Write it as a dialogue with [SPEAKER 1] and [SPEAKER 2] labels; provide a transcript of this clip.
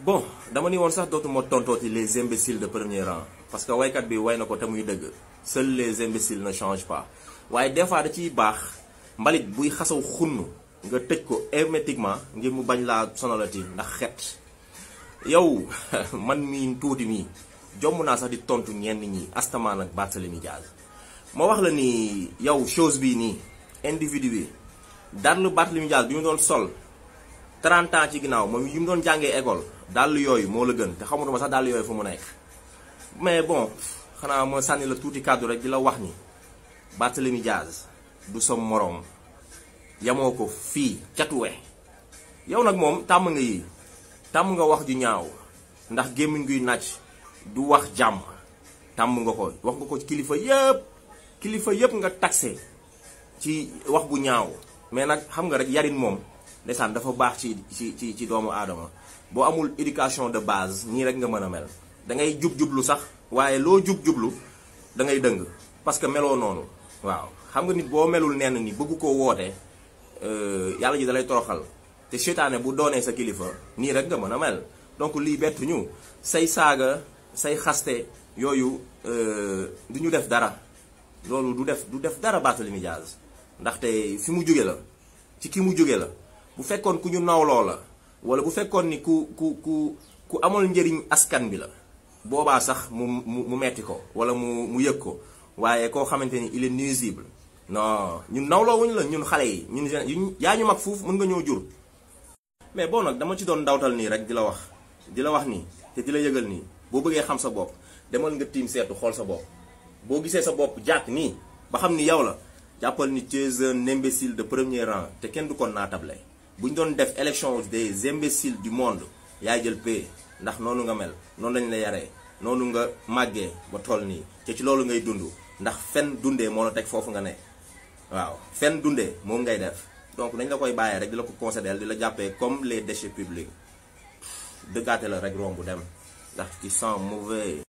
[SPEAKER 1] bon dama ni woon sax dootuma tontooti les imbéciles de premier rang parce que waykat bi way na ko te muy dëgg seuls les imbéciles ne change pas waaye des fois da ciy baax mbalit buy xasaw xunn nga tëj ko hermétiquement ngir mu bañ laa sonalati ndax xet yow man mii tuuti mii jomm naa sax di tontu ñenn ñi Astaman ak Barthélémy Diaz ma wax la ni yow chose bii nii individu bi dara lu Barthélémy Diaz bi mu doon sol 30 ans ci ginnaaw moom yi mu doon jàngee ecole dàll yooyu moo la gën te xamutuma sax dàll yooyu fu mu nekk mais bon xanaa ma sànni la tuuti kàddu rek di la wax ni Barthélemy Diaz du sa moroom yamoo ko fii catuwe yow nag moom tàmm nga yi tàmm nga wax ju ñaaw ndax gémmiñ guy nàcc du wax jàmm tàmm nga ko wax nga ko kilifa yëpp kilifa yëpp nga takse ci wax bu ñaaw mais nag xam nga rek yarin moom ndeysaan dafa baax ci ci ci ci doomu aadama boo amul éducation de base nii rek nga mën a mel dangay jub-jublu sax waaye loo jub-jublu da ngay dëng parce que meloo noonu waaw xam nga nit boo melul nenn ni bëggu koo woote euh, yàlla ji dalay toroxal te seytaane bu doonee sa kilifa nii rek nga mën a mel donc lii bettu ñu say saaga say xaste yooyu euh, du ñu def dara loolu du def du def dara Barthélémy Dias ndaxte fi mu jóge la ci ki mu jóge la bu fekkoon ku ñu nawloo la wala bu fekkoon ni ku ku ku ku amul njëriñ askan bi la boobaa sax mu mu mu metti ko wala mu mu yëg ko waaye koo xamante ni il est nuisible non ñun nawloowuñ la ñun xale yi ñun ñu yaa ñu mag fuuf mën nga ñëw jur mais bon nag dama ci doon ndawtal nii rek di la wax di la wax nii te di la yëgal nii boo bëggee xam sa bopp demal nga tiim seetu xool sa bopp boo gisee sa bopp jàkk nii ba xam ni yow la jàppal ni tu es un imbécile de premier te kenn du ko naatable bu ñu doon def élection des imbéciles du monde yaay jël paie ndax noonu nga mel noonu lañ la yaree noonu nga màggee ba toll nii te ci loolu ngay dund ndax fenn dundee moo la foofu nga ne waaw fen dundee moom ngay def donc dañ la koy bàyyee rek di la ko concédé di la jàppee comme les déchets publics dëggaate la rek romb dem ndax ci sent mauvais